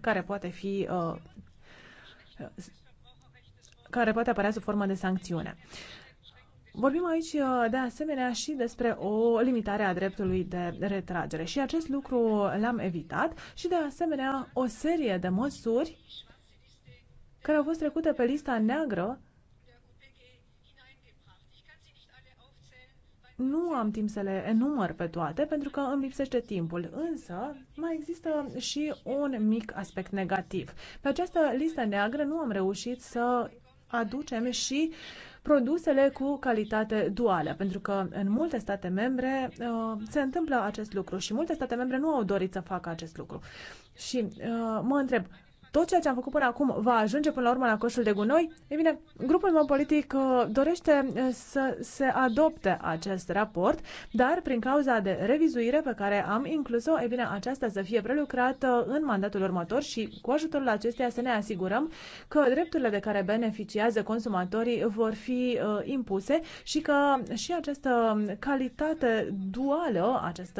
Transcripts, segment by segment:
care poate fi uh, care poate apărea sub formă de sancțiune. Vorbim aici uh, de asemenea și despre o limitare a dreptului de retragere și acest lucru l-am evitat și de asemenea o serie de măsuri care au fost trecute pe lista neagră nu am timp să le enumăr pe toate pentru că îmi lipsește timpul, însă mai există și un mic aspect negativ. Pe această listă neagră nu am reușit să aducem și produsele cu calitate duală, pentru că în multe state membre uh, se întâmplă acest lucru și multe state membre nu au dorit să facă acest lucru. Și uh, mă întreb, tot ceea ce am făcut până acum va ajunge până la urmă la coșul de gunoi? Ei bine, grupul meu politic uh, dorește uh, să se adopte acest raport, dar prin cauza de revizuire pe care am inclus-o, ei bine, aceasta să fie prelucrată în mandatul următor și cu ajutorul acesteia să ne asigurăm că drepturile de care beneficiază consumatorii vor fi uh, impuse și că și această calitate duală, acest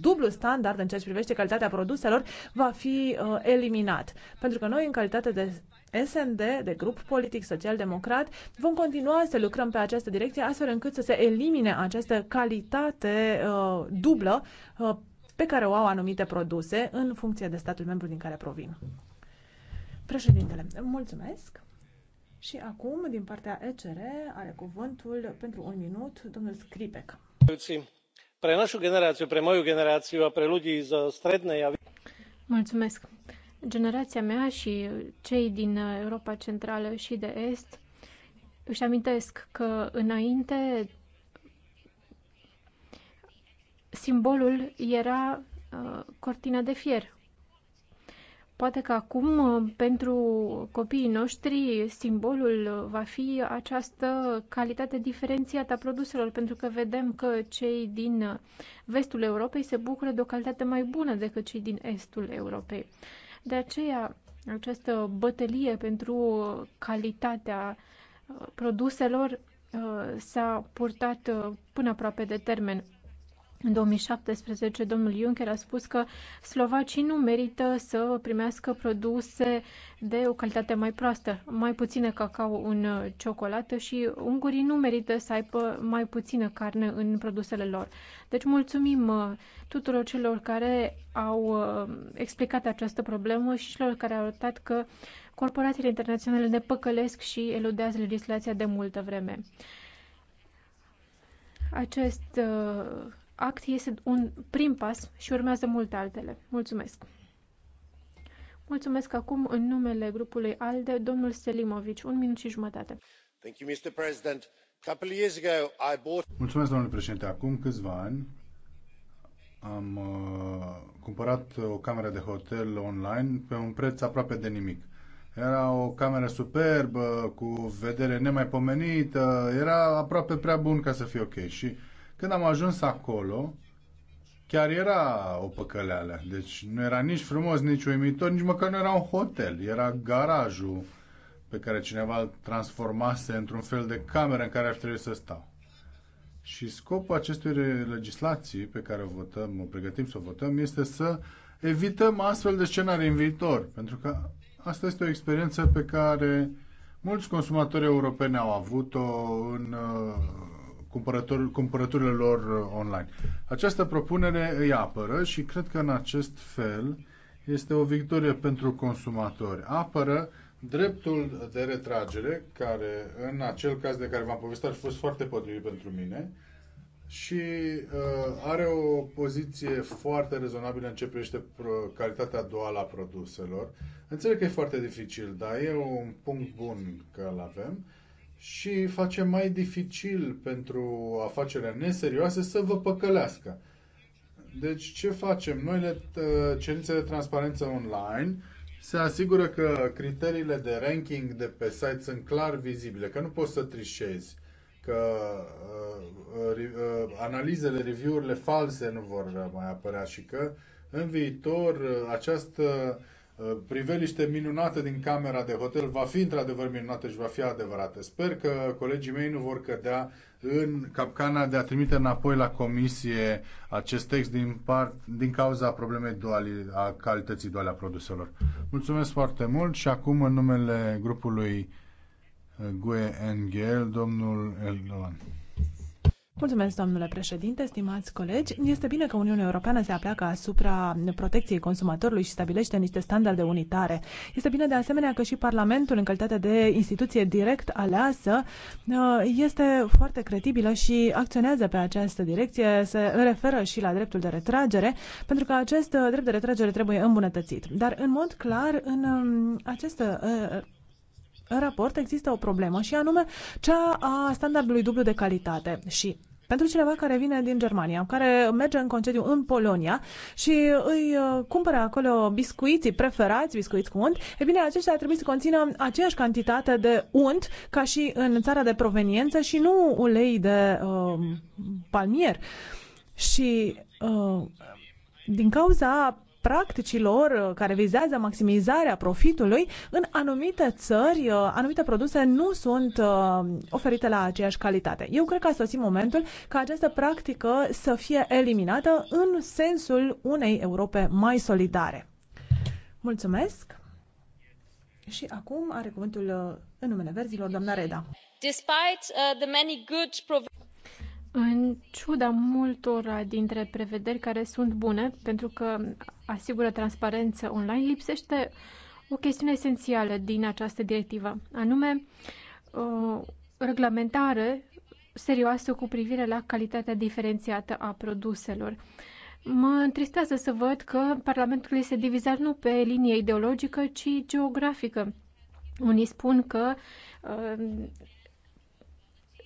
dublu standard în ceea ce privește calitatea produselor, va fi eliminat. Pentru că noi, în calitate de SND, de grup politic social-democrat, vom continua să lucrăm pe această direcție astfel încât să se elimine această calitate uh, dublă uh, pe care o au anumite produse în funcție de statul membru din care provin. Președintele, mulțumesc! Și acum, din partea ECR, are cuvântul pentru un minut domnul Scripec. Mulțumesc. Mulțumesc! generația mea și cei din Europa Centrală și de Est își amintesc că înainte simbolul era uh, cortina de fier. Poate că acum, uh, pentru copiii noștri, simbolul uh, va fi această calitate diferențiată a produselor, pentru că vedem că cei din vestul Europei se bucură de o calitate mai bună decât cei din estul Europei. De aceea, această bătălie pentru calitatea uh, produselor uh, s-a purtat uh, până aproape de termen. În 2017, domnul Juncker a spus că slovacii nu merită să primească produse de o calitate mai proastă, mai puțină cacao în ciocolată și ungurii nu merită să aibă mai puțină carne în produsele lor. Deci mulțumim uh, tuturor celor care au uh, explicat această problemă și celor care au arătat că corporațiile internaționale ne păcălesc și eludează legislația de multă vreme. Acest uh, act este un prim pas și urmează multe altele. Mulțumesc! Mulțumesc acum în numele grupului ALDE, domnul Selimovici, un minut și jumătate. Thank you, Mr. President. Couple years ago, I bought... Mulțumesc, domnule președinte. Acum câțiva ani am uh, cumpărat o cameră de hotel online pe un preț aproape de nimic. Era o cameră superbă, cu vedere nemaipomenită, uh, era aproape prea bun ca să fie ok. Și când am ajuns acolo, chiar era o păcăleală. Deci nu era nici frumos, nici uimitor, nici măcar nu era un hotel. Era garajul pe care cineva îl transformase într-un fel de cameră în care ar trebui să stau. Și scopul acestui legislații pe care o votăm, o pregătim să o votăm, este să evităm astfel de scenarii în viitor. Pentru că asta este o experiență pe care mulți consumatori europeni au avut-o în uh, cumpărăturile lor uh, online. Această propunere îi apără și cred că în acest fel este o victorie pentru consumatori. Apără dreptul de retragere, care în acel caz de care v-am povestit a fost foarte potrivit pentru mine, și uh, are o poziție foarte rezonabilă în ce privește calitatea duală a produselor. Înțeleg că e foarte dificil, dar e un punct bun că îl avem și face mai dificil pentru afacerea neserioase să vă păcălească. Deci ce facem? Noi le, ă, cerințe de transparență online se asigură că criteriile de ranking de pe site sunt clar vizibile, că nu poți să trișezi, că ă, ă, analizele, review-urile false nu vor mai apărea și că în viitor această Uh, priveliște minunată din camera de hotel va fi într-adevăr minunată și va fi adevărată. Sper că colegii mei nu vor cădea în capcana de a trimite înapoi la comisie acest text din, part, din cauza problemei duali, a calității duale a produselor. Mulțumesc foarte mult și acum în numele grupului uh, GUE NGL, domnul Eldovan. Mulțumesc, domnule președinte, stimați colegi. Este bine că Uniunea Europeană se apleacă asupra protecției consumatorului și stabilește niște standarde unitare. Este bine de asemenea că și Parlamentul, în calitate de instituție direct aleasă, uh, este foarte credibilă și acționează pe această direcție, se referă și la dreptul de retragere, pentru că acest drept de retragere trebuie îmbunătățit. Dar, în mod clar, în um, această uh, în raport există o problemă și anume cea a standardului dublu de calitate și pentru cineva care vine din Germania, care merge în concediu în Polonia și îi uh, cumpără acolo biscuiții preferați, biscuiți cu unt, e bine, aceștia ar trebui să conțină aceeași cantitate de unt ca și în țara de proveniență și nu ulei de uh, palmier. Și uh, din cauza practicilor uh, care vizează maximizarea profitului, în anumite țări, uh, anumite produse nu sunt uh, oferite la aceeași calitate. Eu cred că a sosit momentul ca această practică să fie eliminată în sensul unei Europe mai solidare. Mulțumesc! Și acum are cuvântul în numele verzilor doamna Reda. Despite, uh, the many good în ciuda multora dintre prevederi care sunt bune, pentru că asigură transparență online, lipsește o chestiune esențială din această directivă, anume o uh, reglementare serioasă cu privire la calitatea diferențiată a produselor. Mă întristează să văd că Parlamentul este divizat nu pe linie ideologică, ci geografică. Unii spun că uh,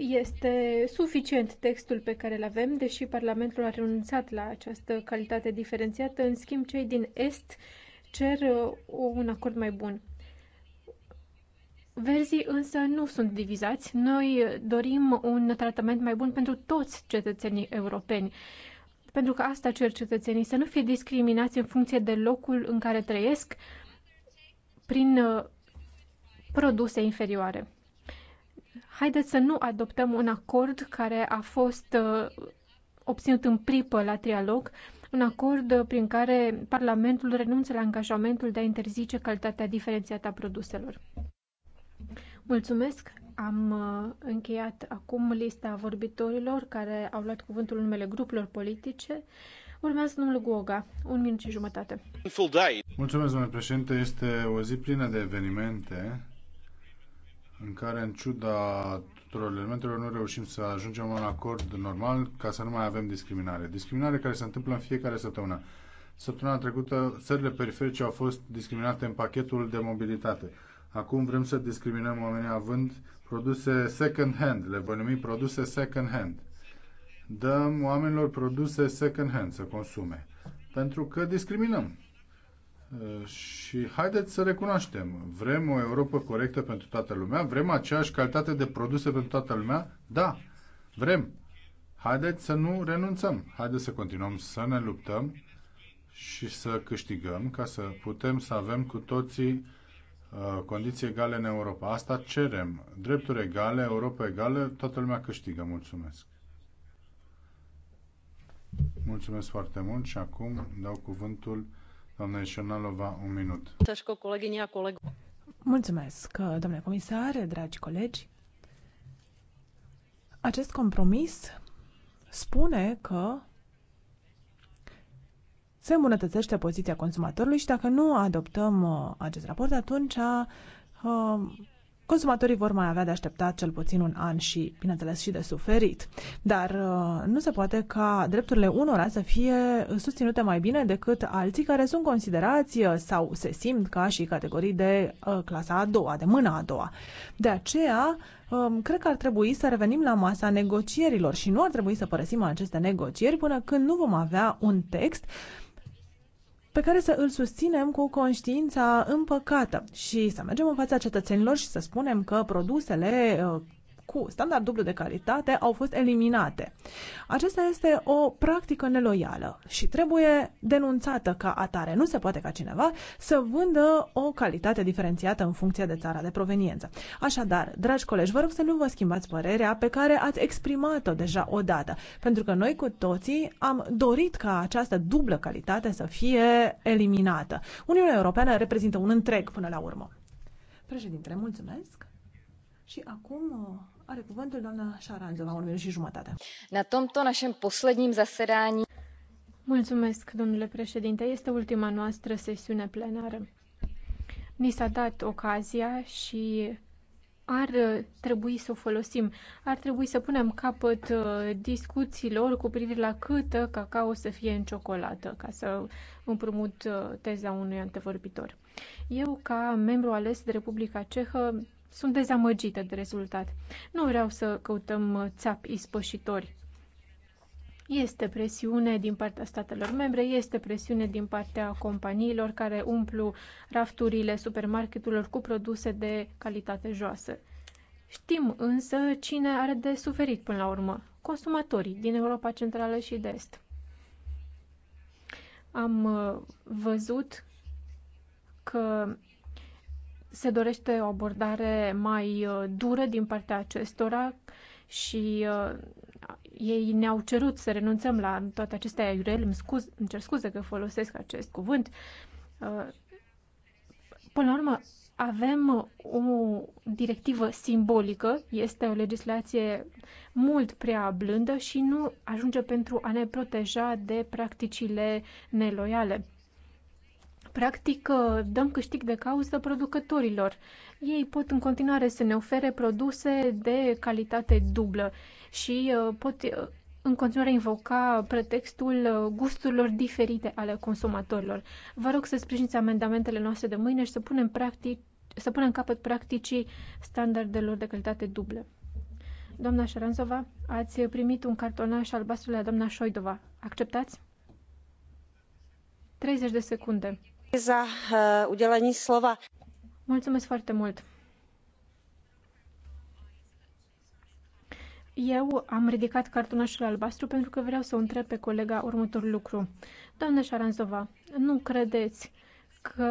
este suficient textul pe care îl avem, deși Parlamentul a renunțat la această calitate diferențiată, în schimb cei din Est cer uh, un acord mai bun. Verzii însă nu sunt divizați. Noi dorim un tratament mai bun pentru toți cetățenii europeni. Pentru că asta cer cetățenii, să nu fie discriminați în funcție de locul în care trăiesc prin uh, produse inferioare haideți să nu adoptăm un acord care a fost uh, obținut în pripă la trialog, un acord uh, prin care Parlamentul renunță la angajamentul de a interzice calitatea diferențiată a produselor. Mulțumesc! Am uh, încheiat acum lista vorbitorilor care au luat cuvântul în numele grupurilor politice. Urmează domnul Goga, un minut și jumătate. Mulțumesc, domnule președinte. Este o zi plină de evenimente în care, în ciuda tuturor elementelor, nu reușim să ajungem la un acord normal ca să nu mai avem discriminare. Discriminare care se întâmplă în fiecare săptămână. Săptămâna trecută, țările periferice au fost discriminate în pachetul de mobilitate. Acum vrem să discriminăm oamenii având produse second hand, le voi numi produse second hand. Dăm oamenilor produse second hand să consume, pentru că discriminăm. Uh, și haideți să recunoaștem, vrem o Europa corectă pentru toată lumea, vrem aceeași calitate de produse pentru toată lumea? Da, vrem. Haideți să nu renunțăm, haideți să continuăm să ne luptăm și să câștigăm ca să putem să avem cu toții uh, condiții egale în Europa. Asta cerem. Drepturi egale, Europa egală, toată lumea câștigă. Mulțumesc. Mulțumesc foarte mult și acum dau cuvântul un minut. Mulțumesc, domnule comisar, dragi colegi. Acest compromis spune că se îmbunătățește poziția consumatorului și dacă nu adoptăm uh, acest raport, atunci uh, consumatorii vor mai avea de așteptat cel puțin un an și, bineînțeles, și de suferit. Dar uh, nu se poate ca drepturile unora să fie susținute mai bine decât alții care sunt considerați uh, sau se simt ca și categorii de uh, clasa a doua, de mâna a doua. De aceea, um, cred că ar trebui să revenim la masa negocierilor și nu ar trebui să părăsim aceste negocieri până când nu vom avea un text pe care să îl susținem cu conștiința împăcată și să mergem în fața cetățenilor și să spunem că produsele uh, cu standard dublu de calitate au fost eliminate. Acesta este o practică neloială și trebuie denunțată ca atare. Nu se poate ca cineva să vândă o calitate diferențiată în funcție de țara de proveniență. Așadar, dragi colegi, vă rog să nu vă schimbați părerea pe care ați exprimat-o deja odată, pentru că noi cu toții am dorit ca această dublă calitate să fie eliminată. Uniunea Europeană reprezintă un întreg până la urmă. Președintele, mulțumesc. Și acum doamna minut și jumătate. Na tomto našem posledním zasedání. Mulțumesc, domnule președinte. Este ultima noastră sesiune plenară. Ni s-a dat ocazia și ar trebui să o folosim. Ar trebui să punem capăt uh, discuțiilor cu privire la câtă cacao să fie în ciocolată, ca să împrumut uh, teza unui antevorbitor. Eu, ca membru ales de Republica Cehă, sunt dezamăgită de rezultat. Nu vreau să căutăm țap ispășitori. Este presiune din partea statelor membre, este presiune din partea companiilor care umplu rafturile supermarketurilor cu produse de calitate joasă. Știm însă cine are de suferit până la urmă, consumatorii din Europa Centrală și de Est. Am uh, văzut că se dorește o abordare mai uh, dură din partea acestora și uh, ei ne-au cerut să renunțăm la toate acestea aiurele. Îmi, scuz, îmi cer scuze că folosesc acest cuvânt. Uh, până la urmă, avem o directivă simbolică, este o legislație mult prea blândă și nu ajunge pentru a ne proteja de practicile neloiale. Practic, uh, dăm câștig de cauză producătorilor. Ei pot în continuare să ne ofere produse de calitate dublă și uh, pot uh, în continuare invoca pretextul gusturilor diferite ale consumatorilor. Vă rog să sprijiniți amendamentele noastre de mâine și să punem, practic, să punem capăt practicii standardelor de calitate dublă. Doamna Șaranzova, ați primit un cartonaș albastru la doamna Șoidova. Acceptați? 30 de secunde. Eh, Mulțumesc foarte mult! Eu am ridicat cartonașul albastru pentru că vreau să o întreb pe colega următorul lucru. Doamna Șaranzova, nu credeți că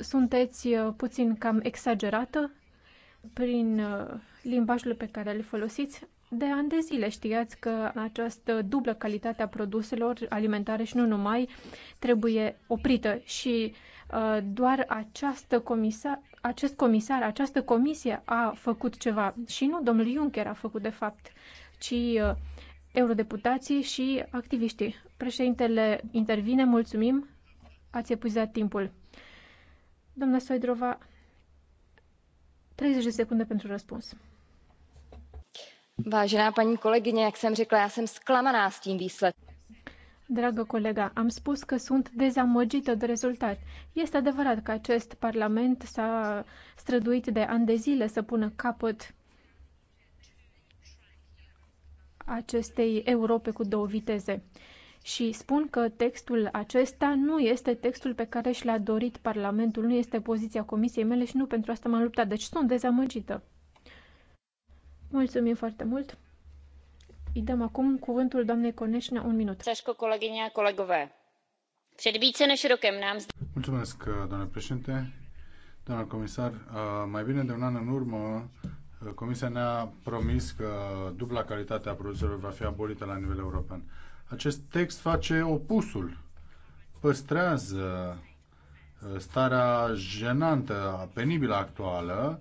sunteți eh, puțin cam exagerată prin eh, limbajul pe care îl folosiți? De ani de zile știați că această dublă calitate a produselor alimentare și nu numai trebuie oprită și uh, doar această comisar, acest comisar, această comisie a făcut ceva și nu domnul Juncker a făcut de fapt, ci uh, eurodeputații și activiștii. Președintele intervine, mulțumim, ați epuizat timpul. Doamna Soidrova, 30 de secunde pentru răspuns. Vážená paní kolegyně, jak jsem řekla, já jsem zklamaná s tím výsledkem. Dragă colega, am spus că sunt dezamăgită de rezultat. Este adevărat că acest parlament s-a străduit de ani de zile să pună capăt acestei Europe cu două viteze. Și spun că textul acesta nu este textul pe care și l-a dorit Parlamentul, nu este poziția Comisiei mele și nu pentru asta m-am luptat. Deci sunt dezamăgită. Mulțumim foarte mult. Îi dăm acum cuvântul doamnei Coneșna, un minut. Ceașcă, colegine, colegove. Před více než rokem nám... Mulțumesc, uh, doamne președinte. Doamna comisar, uh, mai bine de un an în urmă, uh, Comisia ne-a promis că dubla calitate a produselor va fi abolită la nivel european. Acest text face opusul, păstrează starea jenantă, penibilă actuală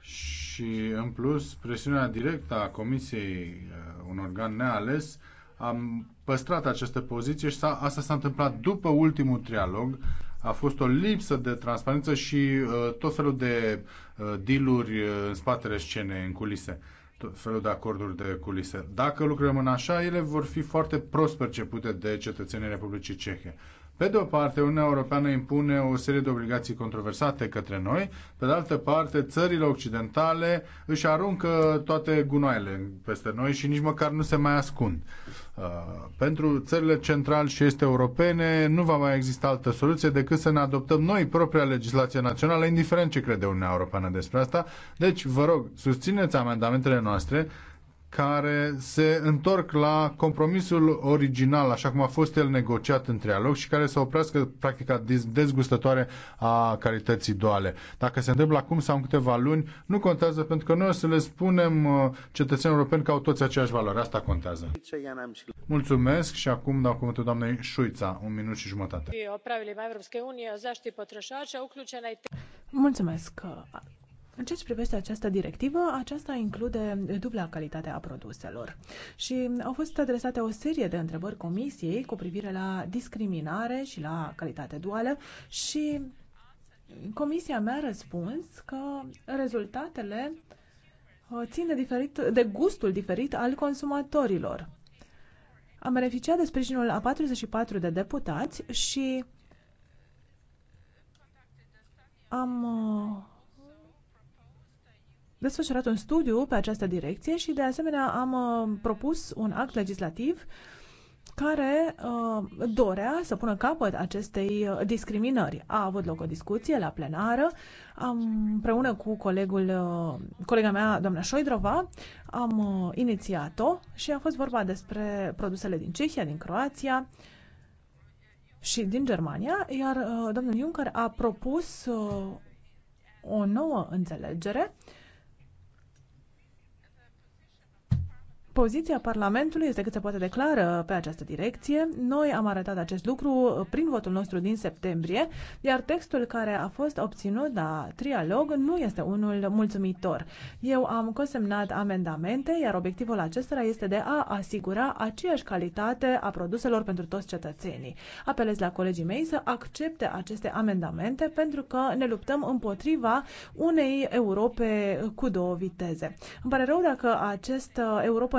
și, în plus, presiunea directă a Comisiei, uh, un organ neales, am păstrat această poziție și asta s-a întâmplat după ultimul trialog. A fost o lipsă de transparență și uh, tot felul de uh, dealuri uh, în spatele scenei, în culise, tot felul de acorduri de culise. Dacă lucrăm în așa, ele vor fi foarte prost percepute de cetățenii Republicii Cehe. Uh, pe de o parte, Uniunea Europeană impune o serie de obligații controversate către noi, pe de altă parte, țările occidentale își aruncă toate gunoaiele peste noi și nici măcar nu se mai ascund. Uh, pentru țările central și este europene nu va mai exista altă soluție decât să ne adoptăm noi propria legislație națională, indiferent ce crede Uniunea Europeană despre asta. Deci, vă rog, susțineți amendamentele noastre care se întorc la compromisul original, așa cum a fost el negociat în trialog și care să oprească practica dezgustătoare a calității duale. Dacă se întâmplă acum sau în câteva luni, nu contează pentru că noi o să le spunem uh, cetățenilor europeni că au toți aceeași valoare. Asta contează. Mulțumesc și acum dau cuvântul doamnei Șuița, un minut și jumătate. Mulțumesc. În ceea ce privește această directivă, aceasta include dubla calitate a produselor și au fost adresate o serie de întrebări comisiei cu privire la discriminare și la calitate duală și comisia mi-a răspuns că rezultatele uh, țin de, diferit, de gustul diferit al consumatorilor. Am beneficiat de sprijinul a 44 de deputați și am uh, desfășurat un studiu pe această direcție și de asemenea am uh, propus un act legislativ care uh, dorea să pună capăt acestei uh, discriminări. A avut loc o discuție la plenară, am, împreună cu colegul, uh, colega mea, doamna Șoidrova, am uh, inițiat-o și a fost vorba despre produsele din Cehia, din Croația și din Germania, iar uh, domnul Juncker a propus uh, o nouă înțelegere uh, Poziția Parlamentului este cât se poate declară pe această direcție. Noi am arătat acest lucru prin votul nostru din septembrie, iar textul care a fost obținut la trialog nu este unul mulțumitor. Eu am consemnat amendamente, iar obiectivul acestora este de a asigura aceeași calitate a produselor pentru toți cetățenii. Apelez la colegii mei să accepte aceste amendamente pentru că ne luptăm împotriva unei Europe cu două viteze. Îmi pare rău dacă acest uh, Europa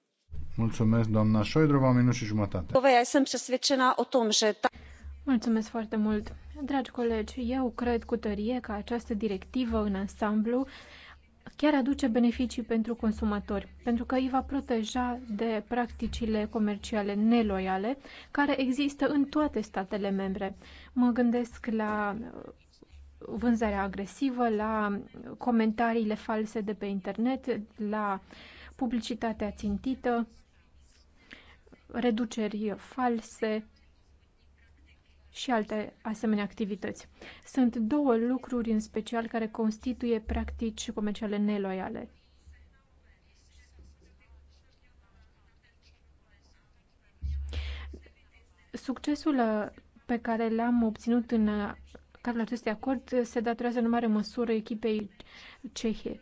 Mulțumesc, doamna Șoidrova, un minut și jumătate. Mulțumesc foarte mult. Dragi colegi, eu cred cu tărie că această directivă în ansamblu chiar aduce beneficii pentru consumatori, pentru că îi va proteja de practicile comerciale neloiale care există în toate statele membre. Mă gândesc la uh, vânzarea agresivă, la comentariile false de pe internet, la publicitatea țintită, reduceri false și alte asemenea activități. Sunt două lucruri în special care constituie practici comerciale neloiale. Succesul pe care l-am obținut în cadrul acestui acord se datorează în mare măsură echipei cehe.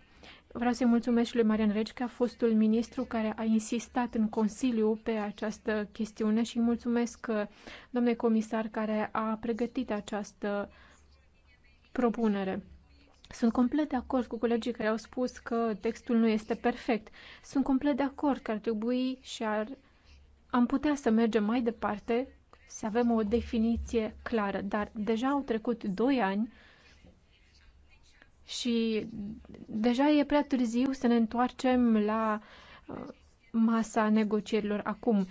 Vreau să-i mulțumesc și lui Marian Regca, fostul ministru care a insistat în Consiliu pe această chestiune și îi mulțumesc uh, domnule comisar care a pregătit această propunere. Sunt complet de acord cu colegii care au spus că textul nu este perfect. Sunt complet de acord că ar trebui și ar, am putea să mergem mai departe, să avem o definiție clară, dar deja au trecut doi ani și deja e prea târziu să ne întoarcem la uh, masa negocierilor acum.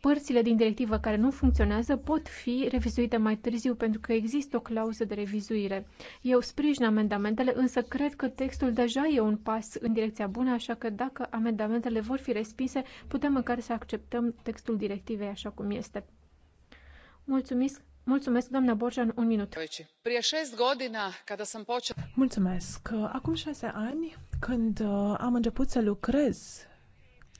Părțile din directivă care nu funcționează pot fi revizuite mai târziu pentru că există o clauză de revizuire. Eu sprijin amendamentele, însă cred că textul deja e un pas în direcția bună, așa că dacă amendamentele vor fi respinse, putem măcar să acceptăm textul directivei așa cum este. Mulțumesc! Mulțumesc, Borjan, un minut. Deci, Mulțumesc. Acum șase ani, când uh, am început să lucrez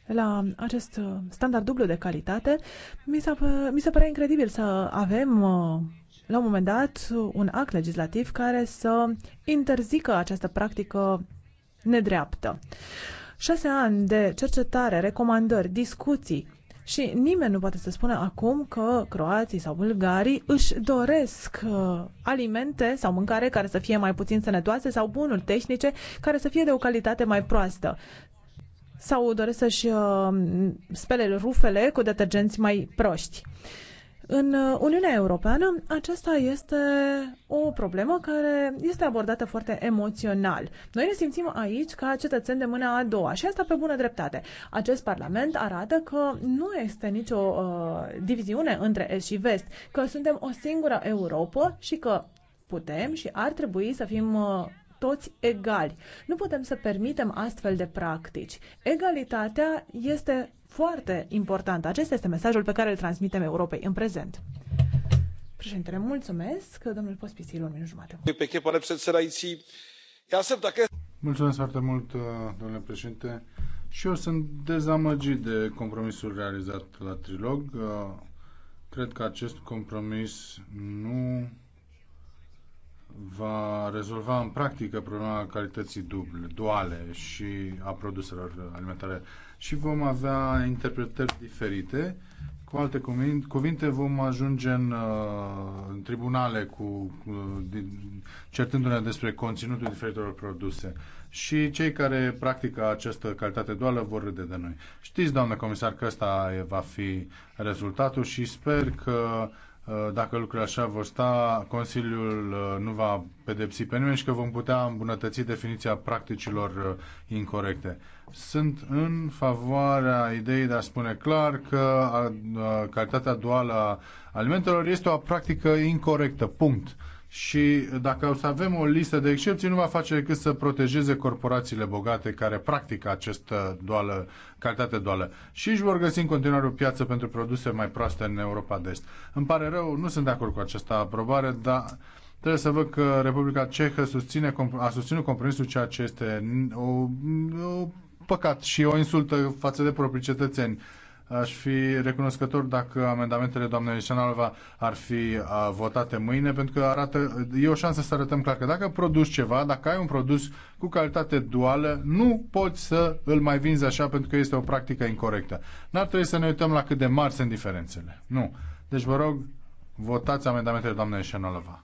la acest uh, standard dublu de calitate, mi, s-a, mi se părea incredibil să avem uh, la un moment dat un act legislativ care să interzică această practică nedreaptă. Șase ani de cercetare, recomandări, discuții și nimeni nu poate să spună acum că croații sau bulgarii își doresc uh, alimente sau mâncare care să fie mai puțin sănătoase sau bunuri tehnice care să fie de o calitate mai proastă sau doresc să-și uh, spele rufele cu detergenți mai proști. Uh, în uh, Uniunea Europeană, aceasta este o problemă care este abordată foarte emoțional. Noi ne simțim aici ca cetățeni de mâna a doua și asta pe bună dreptate. Acest Parlament arată că nu este nicio uh, diviziune între Est și Vest, că suntem o singură Europa și că putem și ar trebui să fim uh, toți egali. Nu putem să permitem astfel de practici. Egalitatea este foarte importantă. Acesta este mesajul pe care îl transmitem Europei în prezent. Președintele, mulțumesc. Domnul Pospisil, un minut jumate. Mulțumesc foarte mult, uh, domnule președinte. Și eu sunt dezamăgit de compromisul realizat la trilog. Uh, cred că acest compromis nu va rezolva în practică problema calității duble, duale și a produselor alimentare și vom avea interpretări diferite. Cu alte cuvinte, vom ajunge în, uh, în tribunale cu uh, certându-ne despre conținutul diferitelor produse. Și cei care practică această calitate duală vor râde de noi. Știți, doamnă comisar, că ăsta va fi rezultatul și sper că Uh, dacă lucrurile așa vor sta, Consiliul uh, nu va pedepsi pe nimeni și că vom putea îmbunătăți definiția practicilor uh, incorrecte. Sunt în favoarea ideii de a spune clar că calitatea duală a alimentelor este o practică incorrectă. Punct și dacă o să avem o listă de excepții, nu va face decât să protejeze corporațiile bogate care practică această doală, calitate doală. Și își vor găsi în continuare o piață pentru produse mai proaste în Europa de Est. Îmi pare rău, nu sunt de acord cu această aprobare, dar trebuie să văd că Republica Cehă susține, a susținut compromisul ceea ce este o, o păcat și o insultă față de proprii cetățeni. Aș fi recunoscător dacă amendamentele doamnei Șanalva ar fi votate mâine, pentru că arată, e o șansă să arătăm clar că dacă produci ceva, dacă ai un produs cu calitate duală, nu poți să îl mai vinzi așa pentru că este o practică incorrectă. N-ar trebui să ne uităm la cât de mari sunt diferențele. Nu. Deci vă rog, votați amendamentele doamnei Șanalva.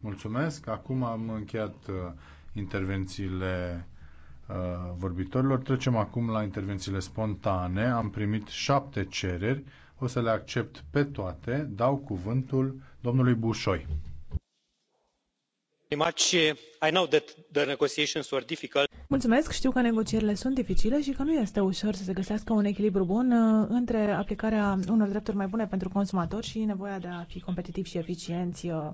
Mulțumesc. Acum am încheiat intervențiile Uh, vorbitorilor. Trecem acum la intervențiile spontane. Am primit șapte cereri. O să le accept pe toate. Dau cuvântul domnului Bușoi. Mulțumesc, știu că negocierile sunt dificile și că nu este ușor să se găsească un echilibru bun uh, între aplicarea unor drepturi mai bune pentru consumatori și nevoia de a fi competitivi și eficienți uh,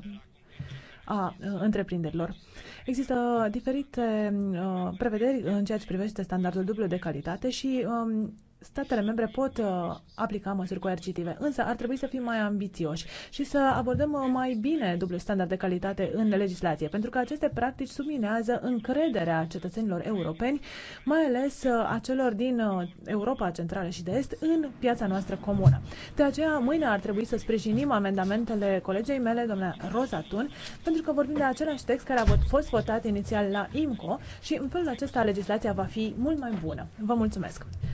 a întreprinderilor. Există diferite prevederi în ceea ce privește standardul dublu de calitate și um, statele membre pot uh, aplica măsuri coercitive, însă ar trebui să fim mai ambițioși și să abordăm uh, mai bine dublu standard de calitate în legislație, pentru că aceste practici subminează încrederea cetățenilor europeni, mai ales uh, a celor din Europa Centrală și de Est, în piața noastră comună. De aceea, mâine ar trebui să sprijinim amendamentele colegei mele, doamna Rosa Tun, pentru că vorbim de același text care a fost votat inițial la IMCO și în felul acesta legislația va fi mult mai bună. Vă mulțumesc!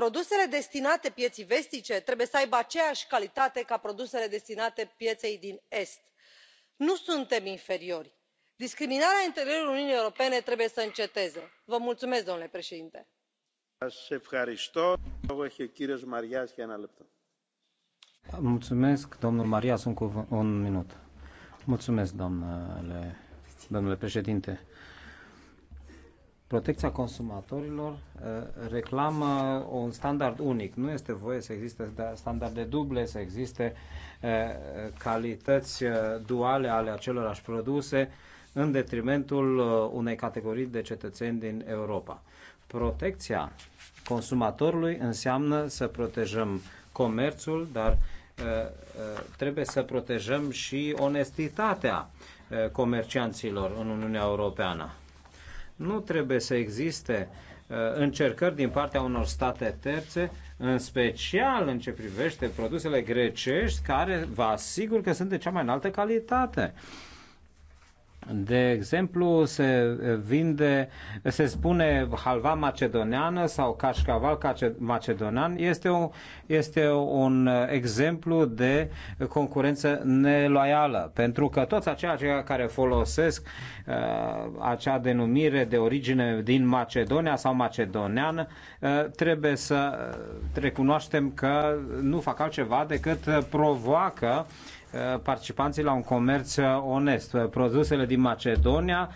produsele destinate pieței vestice trebuie să aibă aceeași calitate ca produsele destinate pieței din est. nu suntem inferiori. discriminarea în interiorul uniunii europene trebuie să înceteze. vă mulțumesc domnule președinte. Mulțumesc, domnul un, minut. Mulțumesc, domnule președinte protecția consumatorilor uh, reclamă un standard unic. Nu este voie să existe standarde duble, să existe uh, calități uh, duale ale acelorași produse în detrimentul unei categorii de cetățeni din Europa. Protecția consumatorului înseamnă să protejăm comerțul, dar trebuie să protejăm și onestitatea comercianților în Uniunea Europeană nu trebuie să existe uh, încercări din partea unor state terțe, în special în ce privește produsele grecești, care vă asigur că sunt de cea mai înaltă calitate. De exemplu, se vinde, se spune halva macedoneană sau cașcaval macedonan. Este, o, este un exemplu de concurență neloială, pentru că toți aceia care folosesc uh, acea denumire de origine din Macedonia sau macedoneană, uh, trebuie să recunoaștem că nu fac altceva decât provoacă uh, Uh, participanții la un comerț uh, onest. Uh, produsele din Macedonia,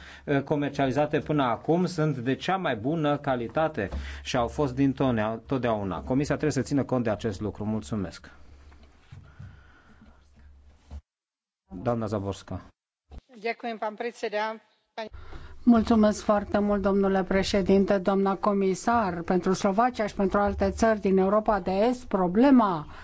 comercializate până acum, sunt de cea mai bună calitate și au fost din totdeauna. Comisia trebuie să țină cont de acest lucru. Mulțumesc. Doamna Zaborska. Mulțumesc foarte mult, domnule președinte, doamna comisar. Pentru Slovacia și pentru alte țări din Europa de Est, problema uh,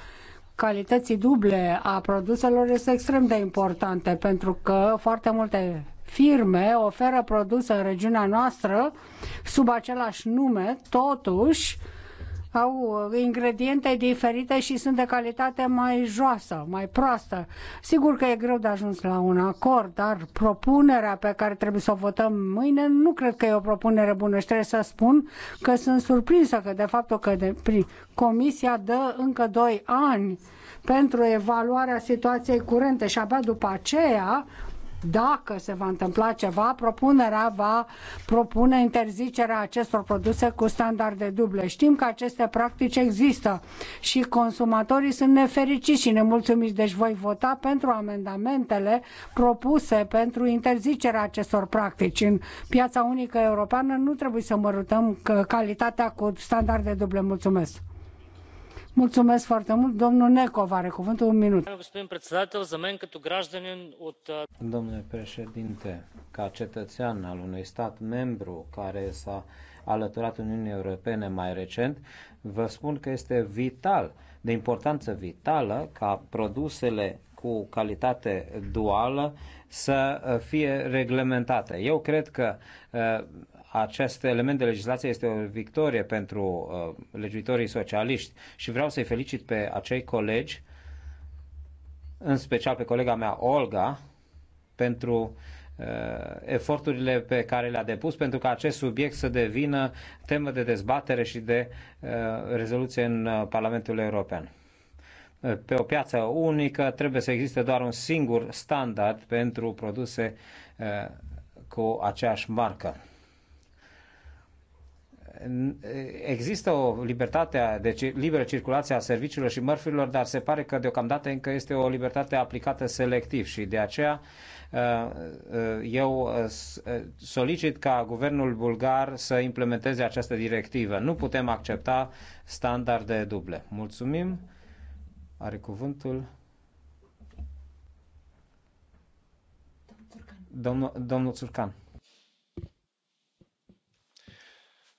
calității duble a produselor este extrem de importantă pentru că foarte multe firme oferă produse în regiunea noastră sub același nume, totuși au ingrediente diferite și sunt de calitate mai joasă, mai proastă. Sigur că e greu de ajuns la un acord, dar propunerea pe care trebuie să o votăm mâine nu cred că e o propunere bună și trebuie să spun că sunt surprinsă că de faptul că de, prin, Comisia dă încă 2 ani pentru evaluarea situației curente și abia după aceea dacă se va întâmpla ceva, propunerea va propune interzicerea acestor produse cu standarde duble. Știm că aceste practici există și consumatorii sunt nefericiți și nemulțumiți, deci voi vota pentru amendamentele propuse pentru interzicerea acestor practici. În piața unică europeană nu trebuie să mărutăm calitatea cu standarde duble. Mulțumesc! Mulțumesc foarte mult. Domnul Necov are cuvântul un minut. Uh, Domnule președinte, ca cetățean al unui stat membru care s-a alăturat Uniunii Europene mai recent, vă spun că este vital, de importanță vitală, ca produsele cu calitate duală să uh, fie reglementate. Eu cred că uh, acest element de legislație este o victorie pentru uh, legiuitorii socialiști și vreau să-i felicit pe acei colegi, în special pe colega mea Olga, pentru uh, eforturile pe care le-a depus pentru ca acest subiect să devină temă de dezbatere și de uh, rezoluție în uh, Parlamentul European pe o piață unică trebuie să existe doar un singur standard pentru produse uh, cu aceeași marcă există o libertate deci liberă circulație a serviciilor și mărfurilor, dar se pare că deocamdată încă este o libertate aplicată selectiv și de aceea uh, uh, eu uh, solicit ca guvernul bulgar să implementeze această directivă. Nu putem accepta standarde duble. Mulțumim. Are cuvântul. Domnul, domnul Țurcan.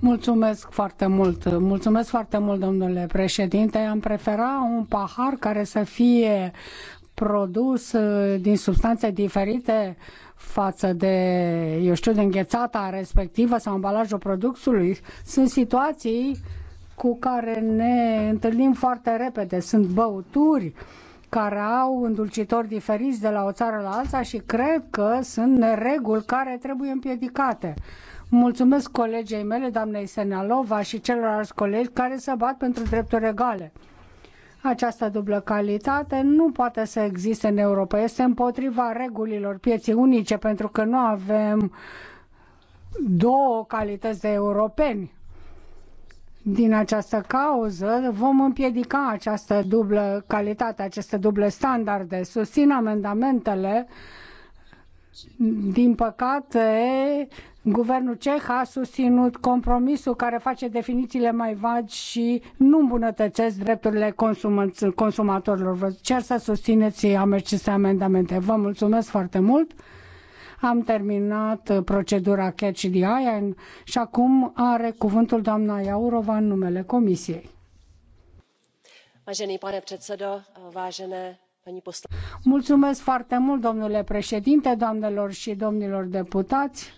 Mulțumesc foarte mult. foarte mult, domnule președinte. Am prefera un pahar care să fie produs uh, din substanțe diferite față de, eu știu, de înghețata respectivă sau ambalajul produsului. Sunt situații cu care ne întâlnim foarte repede. Sunt băuturi sunt care au îndulcitori diferiți de la o țară la alta și cred că sunt nereguli care trebuie împiedicate. Mulțumesc colegei mele, doamnei Senalova și celorlalți colegi care se bat pentru drepturi egale. Această dublă calitate nu poate să existe în Europa. Este împotriva regulilor pieții unice pentru că nu avem două calități de europeni din această cauză vom împiedica această dublă calitate, aceste duble standarde. Susțin amendamentele. Din păcate, guvernul ceh a susținut compromisul care face definițiile mai vagi și nu îmbunătățesc drepturile consumatorilor. Vă cer să susțineți aceste amendamente. Vă mulțumesc foarte mult! Am terminat uh, procedura catch the eye și acum are cuvântul doamna Iaurova în numele Comisiei. Vážený pane předsedo, vážené Mulțumesc foarte mult, domnule președinte, doamnelor și domnilor deputați.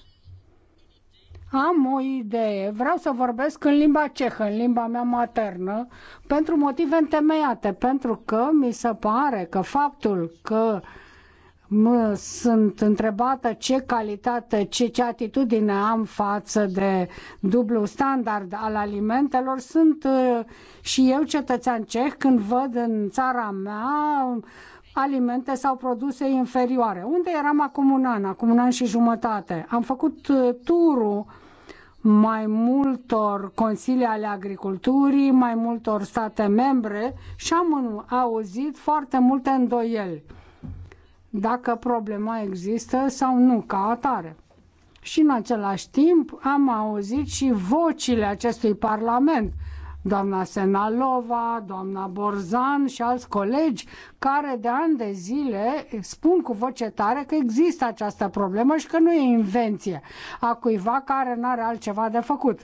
Am o idee. Vreau să vorbesc în limba cehă, în limba mea maternă, pentru motive întemeiate, pentru că mi se pare că faptul că uh, mă sunt întrebată ce calitate, ce, ce atitudine am față de dublu standard al alimentelor. Sunt uh, și eu cetățean ceh când văd în țara mea alimente sau produse inferioare. Unde eram acum un an, acum un an și jumătate? Am făcut uh, turul mai multor consilii ale agriculturii, mai multor state membre și am auzit foarte multe îndoieli dacă problema există sau nu ca atare. Și în același timp am auzit și vocile acestui Parlament doamna Senalova, doamna Borzan și alți colegi care de ani de zile spun cu voce tare că există această problemă și că nu e invenție a cuiva care nu are altceva de făcut.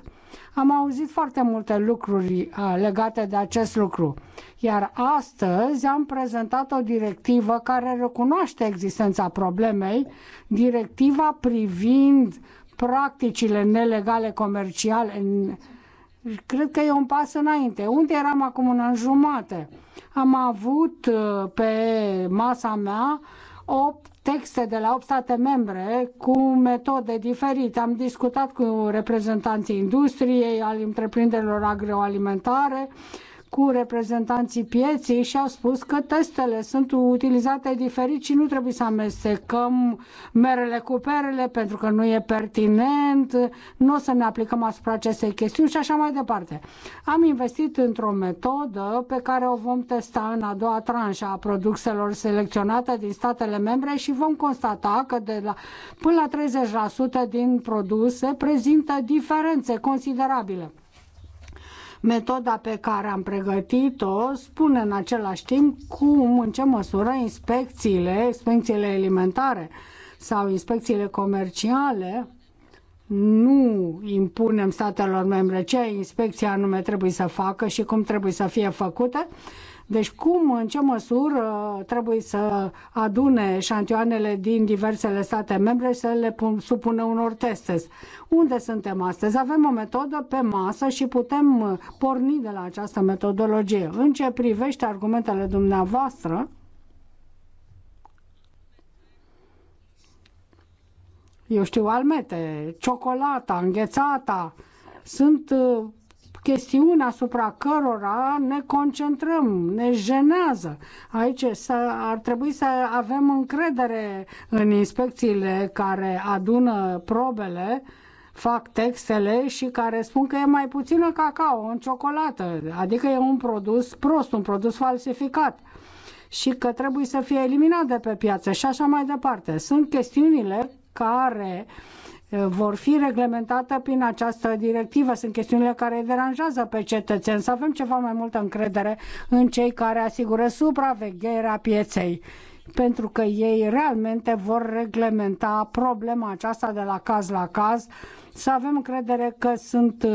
Am auzit foarte multe lucruri uh, legate de acest lucru, iar astăzi am prezentat o directivă care recunoaște existența problemei, directiva privind practicile nelegale comerciale în Cred că e un pas înainte. Unde eram acum un an jumate? Am avut uh, pe masa mea 8 texte de la 8 state membre cu metode diferite. Am discutat cu reprezentanții industriei, al întreprinderilor agroalimentare, cu reprezentanții pieței și au spus că testele sunt utilizate diferit și nu trebuie să amestecăm merele cu perele pentru că nu e pertinent, nu o să ne aplicăm asupra acestei chestiuni și așa mai departe. Am investit într-o metodă pe care o vom testa în a doua tranșă a produselor selecționate din statele membre și vom constata că de la, până la 30% din produse prezintă diferențe considerabile Metoda pe care am pregătit-o spune în același timp cum, în ce măsură inspecțiile, inspecțiile alimentare sau inspecțiile comerciale nu impunem statelor membre ce inspecția anume trebuie să facă și cum trebuie să fie făcută, deci cum, în ce măsură trebuie să adune șantioanele din diversele state membre și să le supună unor teste? Unde suntem astăzi? Avem o metodă pe masă și putem porni de la această metodologie. În ce privește argumentele dumneavoastră, eu știu, almete, ciocolata, înghețata, sunt chestiuni asupra cărora ne concentrăm, ne jenează. Aici ar trebui să avem încredere în inspecțiile care adună probele fac textele și care spun că e mai puțină cacao în ciocolată, adică e un produs prost, un produs falsificat și că trebuie să fie eliminat de pe piață și așa mai departe. Sunt chestiunile care uh, Eh, vor fi reglementate prin această directivă. Sunt chestiunile care îi deranjează pe cetățeni. Să avem ceva mai multă încredere în cei care asigură supravegherea pieței pentru că ei realmente vor reglementa problema aceasta de la caz la caz, să avem încredere că sunt eh,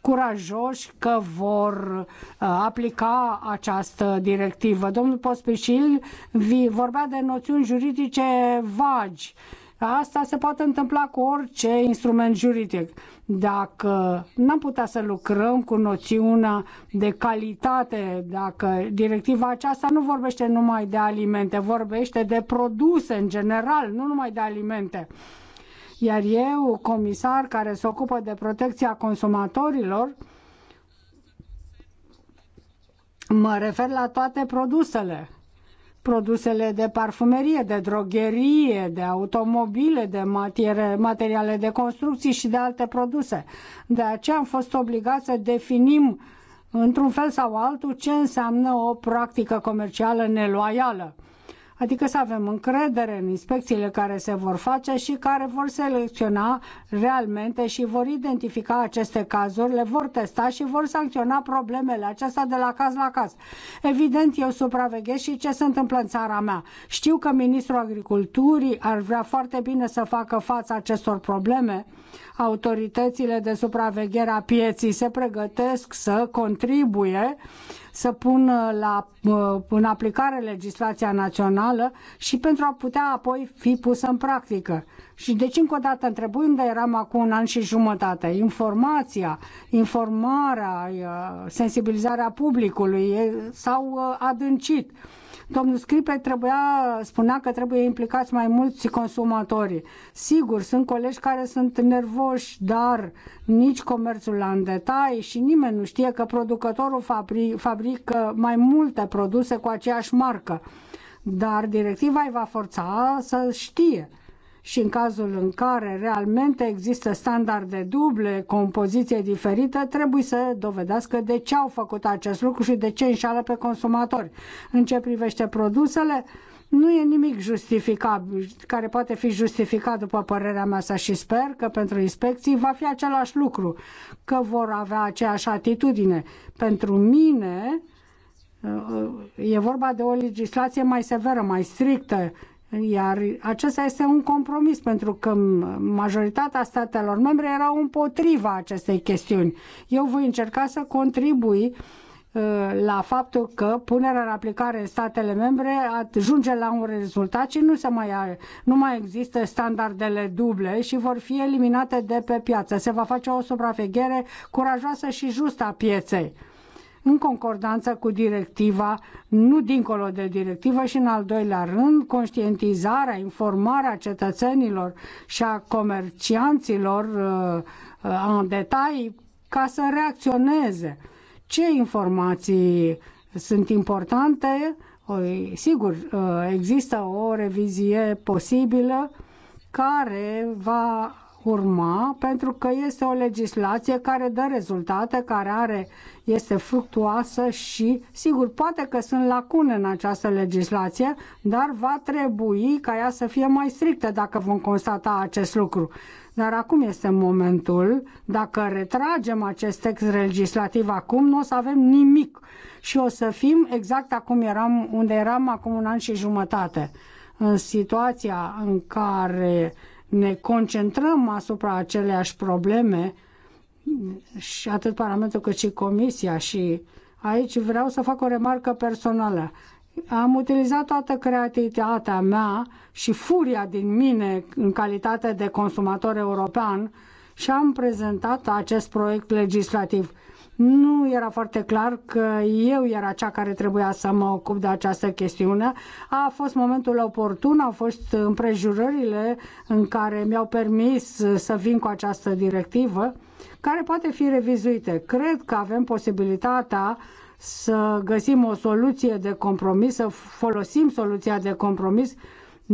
curajoși, că vor eh, aplica această directivă. Domnul Pospișil vorbea de noțiuni juridice vagi Asta se poate întâmpla cu orice instrument juridic. Dacă n-am putea să lucrăm cu noțiunea de calitate, dacă directiva aceasta nu vorbește numai de alimente, vorbește de produse în general, nu numai de alimente. Iar eu, comisar care se ocupă de protecția consumatorilor, mă refer la toate produsele produsele de parfumerie, de drogherie, de automobile, de materiale, materiale de construcții și de alte produse. De aceea am fost obligați să definim într-un fel sau altul ce înseamnă o practică comercială neloială adică să avem încredere în inspecțiile care se vor face și care vor selecționa realmente și vor identifica aceste cazuri, le vor testa și vor sancționa problemele acestea de la caz la caz. Evident, eu supraveghez și ce se întâmplă în țara mea. Știu că ministrul agriculturii ar vrea foarte bine să facă față acestor probleme. Autoritățile de supraveghere a pieții se pregătesc să contribuie să pună la, în aplicare legislația națională și pentru a putea apoi fi pusă în practică. Și deci încă o dată întrebăm unde eram acum un an și jumătate. Informația, informarea, sensibilizarea publicului s-au uh, adâncit Domnul Scripe trebuia, spunea că trebuie implicați mai mulți consumatorii. Sigur, sunt colegi care sunt nervoși, dar nici comerțul la îndetai și nimeni nu știe că producătorul fabri- fabrică mai multe produse cu aceeași marcă. Dar directiva îi va forța să știe și în cazul în care realmente există standarde duble, compoziție diferită, trebuie să dovedească de ce au făcut acest lucru și de ce înșală pe consumatori. În ce privește produsele, nu e nimic justificabil, care poate fi justificat după părerea mea să și sper că pentru inspecții va fi același lucru, că vor avea aceeași atitudine. Pentru mine e vorba de o legislație mai severă, mai strictă iar acesta este un compromis pentru că majoritatea statelor membre erau împotriva acestei chestiuni. Eu voi încerca să contribui uh, la faptul că punerea în aplicare în statele membre ajunge la un rezultat și nu, se mai, are, nu mai există standardele duble și vor fi eliminate de pe piață. Se va face o supraveghere curajoasă și justă a pieței în concordanță cu directiva, nu dincolo de directivă și în al doilea rând conștientizarea, informarea cetățenilor și a comercianților uh, uh, în detalii ca să reacționeze. Ce informații sunt importante? Sigur, uh, există o revizie posibilă care va urma pentru că este o legislație care dă rezultate, care are, este fructuoasă și, sigur, poate că sunt lacune în această legislație, dar va trebui ca ea să fie mai strictă dacă vom constata acest lucru. Dar acum este momentul, dacă retragem acest text legislativ acum, nu o să avem nimic și o să fim exact acum eram, unde eram acum un an și jumătate. În situația în care ne concentrăm asupra aceleași probleme și atât Parlamentul cât și Comisia și aici vreau să fac o remarcă personală. Am utilizat toată creativitatea mea și furia din mine în calitate de consumator european și am prezentat acest proiect legislativ nu era foarte clar că eu era cea care trebuia să mă ocup de această chestiune. A fost momentul oportun, au fost împrejurările în care mi-au permis să vin cu această directivă, care poate fi revizuită. Cred că avem posibilitatea să găsim o soluție de compromis, să folosim soluția de compromis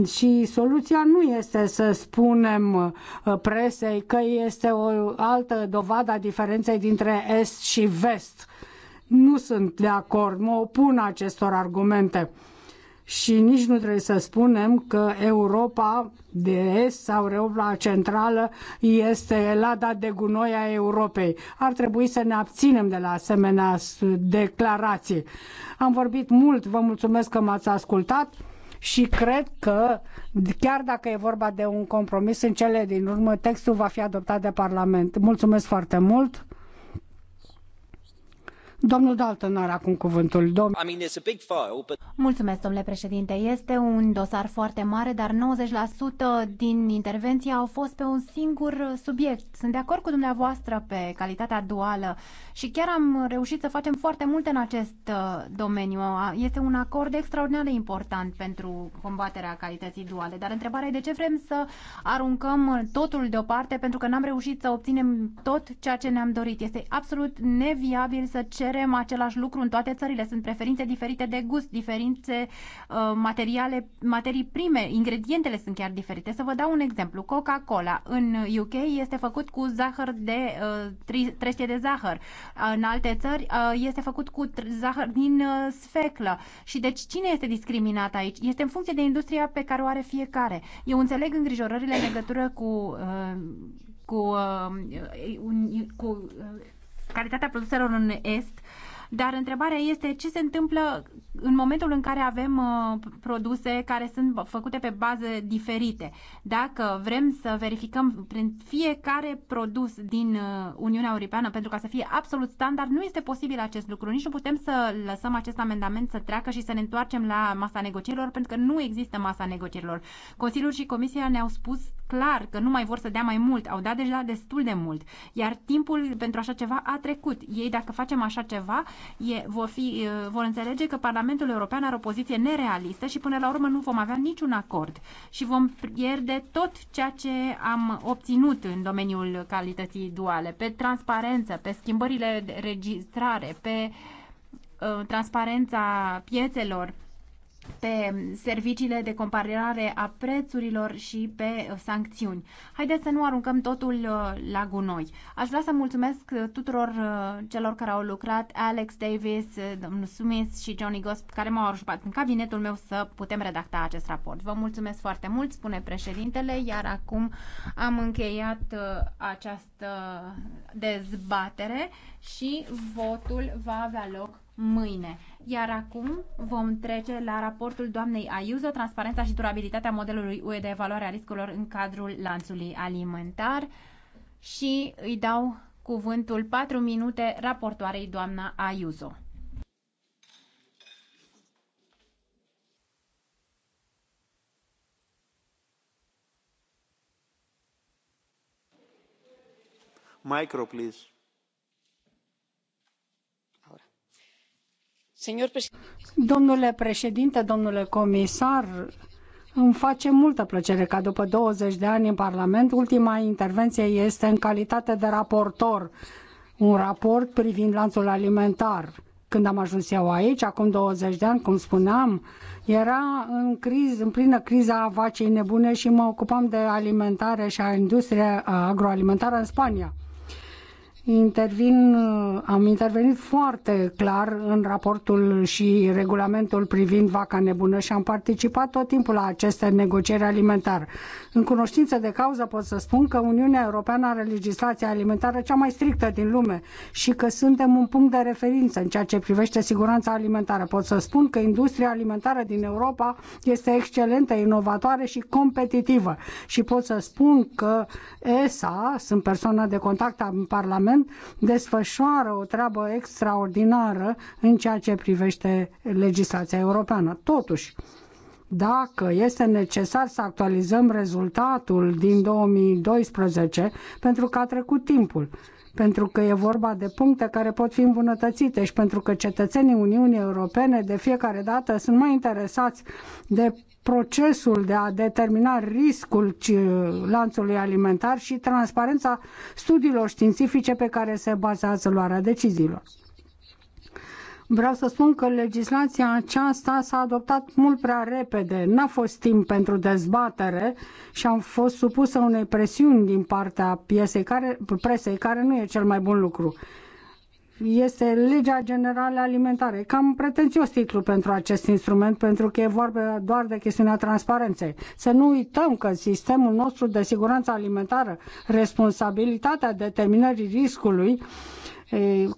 și soluția nu este să spunem uh, presei că este o altă dovadă a diferenței dintre Est și Vest. Nu sunt de acord, mă opun acestor argumente. Și nici nu trebuie să spunem că Europa de Est sau Europa Centrală este lada de gunoi a Europei. Ar trebui să ne abținem de la asemenea declarații. Am vorbit mult, vă mulțumesc că m-ați ascultat și cred că, chiar dacă e vorba de un compromis, în cele din urmă textul va fi adoptat de Parlament. Mulțumesc foarte mult! Domnul Dalton are acum cuvântul. Mulțumesc, domnule președinte. Este un dosar foarte mare, dar 90% din intervenții au fost pe un singur subiect. Sunt de acord cu dumneavoastră pe calitatea duală și chiar am reușit să facem foarte multe în acest uh, domeniu. Este un acord extraordinar de important pentru combaterea calității duale, dar întrebarea e de ce vrem să aruncăm totul deoparte pentru că n-am reușit să obținem tot ceea ce ne-am dorit. Este absolut neviabil să cerem cerem același lucru în toate țările. Sunt preferințe diferite de gust, diferințe uh, materiale, materii prime, ingredientele sunt chiar diferite. Să vă dau un exemplu. Coca-Cola în UK este făcut cu zahăr de uh, trește de zahăr. În alte țări uh, este făcut cu zahăr din uh, sfeclă. Și deci cine este discriminat aici? Este în funcție de industria pe care o are fiecare. Eu înțeleg îngrijorările în legătură cu uh, cu, uh, un, cu uh, calitatea produselor în Est dar întrebarea este ce se întâmplă în momentul în care avem uh, produse care sunt făcute pe baze diferite. Dacă vrem să verificăm prin fiecare produs din uh, Uniunea Europeană pentru ca să fie absolut standard, nu este posibil acest lucru. Nici nu putem să lăsăm acest amendament să treacă și să ne întoarcem la masa negocierilor, pentru că nu există masa negocierilor. Consiliul și Comisia ne-au spus clar că nu mai vor să dea mai mult, au dat deja destul de mult, iar timpul pentru așa ceva a trecut. Ei, dacă facem așa ceva, e, vor, fi, vor înțelege că Parlamentul European are o poziție nerealistă și până la urmă nu vom avea niciun acord și vom pierde tot ceea ce am obținut în domeniul calității duale, pe transparență, pe schimbările de registrare, pe uh, transparența piețelor, pe serviciile de comparare a prețurilor și pe uh, sancțiuni. Haideți să nu aruncăm totul uh, la gunoi. Aș vrea să mulțumesc uh, tuturor celor care au lucrat, Alex Davis, domnul Smith și Johnny Gosp, care m-au ajutat în cabinetul meu să putem redacta acest raport. Vă mulțumesc foarte mult, spune președintele, iar acum am încheiat această dezbatere și votul va avea loc mâine. Iar acum vom trece la raportul doamnei Ayuso, transparența și durabilitatea modelului UE de evaluare a riscurilor în cadrul lanțului alimentar și îi dau cuvântul 4 minute raportoarei doamna Ayuso. Micro, please. Domnule președinte, domnule comisar, îmi face multă plăcere ca după 20 de ani în Parlament, ultima intervenție este în calitate de raportor, un raport privind lanțul alimentar. Când am ajuns eu aici, acum 20 de ani, cum spuneam, era în, criz, în plină criza vacii nebune și mă ocupam de alimentare și a industrie agroalimentară în Spania intervin, uh, am intervenit foarte clar în raportul și regulamentul privind vaca nebună și am participat tot timpul la aceste negocieri alimentare. În cunoștință de cauză pot să spun că Uniunea Europeană are legislația alimentară cea mai strictă din lume și că suntem un punct de referință în ceea ce privește siguranța alimentară. Pot să spun că industria alimentară din Europa este excelentă, inovatoare și competitivă și pot să spun că ESA, sunt persoana de contact a Parlamentului, Parlament desfășoară o treabă extraordinară în ceea ce privește legislația europeană. Totuși, dacă este necesar să actualizăm rezultatul din 2012, pentru că a trecut timpul pentru că e vorba de puncte care pot fi îmbunătățite și pentru că cetățenii Uniunii Europene de fiecare dată sunt mai interesați de procesul de a determina riscul lanțului alimentar și transparența studiilor științifice pe care se bazează luarea deciziilor. Vreau să spun că legislația aceasta s-a adoptat mult prea repede, n-a fost timp pentru dezbatere și am fost supusă unei presiuni din partea piesei care, presei, care nu e cel mai bun lucru. Este legea generală alimentară. Cam pretențios titlu pentru acest instrument, pentru că e vorba doar de chestiunea transparenței. Să nu uităm că sistemul nostru de siguranță alimentară, responsabilitatea determinării riscului,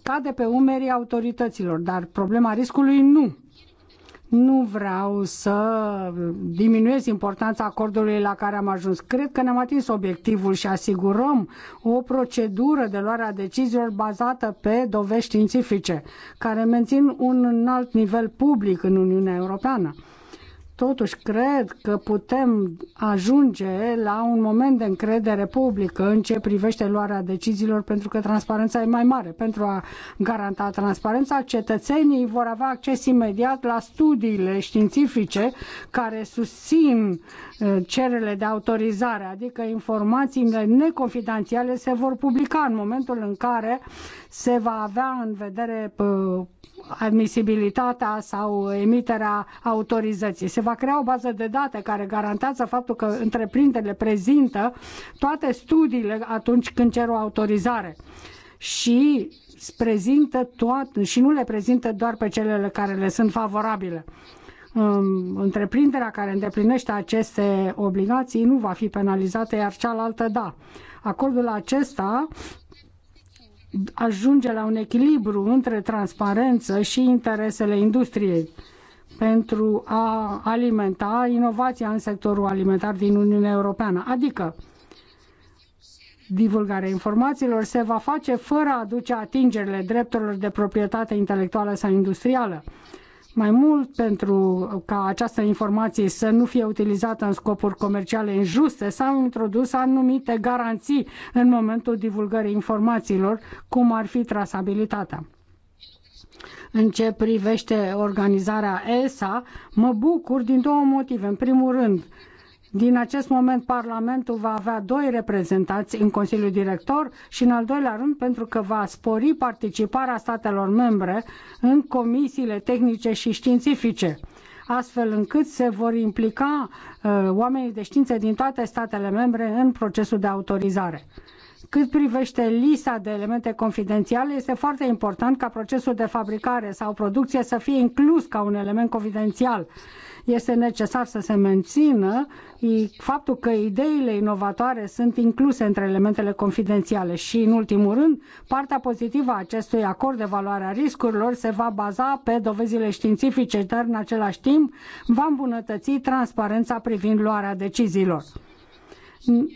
cade pe umerii autorităților, dar problema riscului nu. Nu vreau să diminuez importanța acordului la care am ajuns. Cred că ne-am atins obiectivul și asigurăm o procedură de luare a deciziilor bazată pe dovești științifice, care mențin un înalt nivel public în Uniunea Europeană Totuși, cred că putem ajunge la un moment de încredere publică în ce privește luarea deciziilor, pentru că transparența e mai mare. Pentru a garanta transparența, cetățenii vor avea acces imediat la studiile științifice care susțin eh, cerele de autorizare, adică informațiile neconfidențiale se vor publica în momentul în care se va avea în vedere eh, admisibilitatea sau emiterea autorizației. Se va crea o bază de date care garantează faptul că întreprinderile prezintă toate studiile atunci când cer o autorizare și prezintă toate, și nu le prezintă doar pe cele care le sunt favorabile. Um, întreprinderea care îndeplinește aceste obligații nu va fi penalizată, iar cealaltă da. Acordul acesta ajunge la un echilibru între transparență și interesele industriei pentru a alimenta inovația în sectorul alimentar din Uniunea Europeană. Adică divulgarea informațiilor se va face fără a aduce atingerile drepturilor de proprietate intelectuală sau industrială. Mai mult pentru ca această informație să nu fie utilizată în scopuri comerciale injuste, s-au introdus anumite garanții în momentul divulgării informațiilor, cum ar fi trasabilitatea. În ce privește organizarea ESA, mă bucur din două motive. În primul rând, din acest moment Parlamentul va avea doi reprezentanți în Consiliul Director și în al doilea rând pentru că va spori participarea statelor membre în comisiile tehnice și științifice astfel încât se vor implica uh, oamenii de știință din toate statele membre în procesul de autorizare. Cât privește lista de elemente confidențiale, este foarte important ca procesul de fabricare sau producție să fie inclus ca un element confidențial. Este necesar să se mențină faptul că ideile inovatoare sunt incluse între elementele confidențiale și, în ultimul rând, partea pozitivă a acestui acord de valoare a riscurilor se va baza pe dovezile științifice, dar, în același timp, va îmbunătăți transparența privind luarea deciziilor.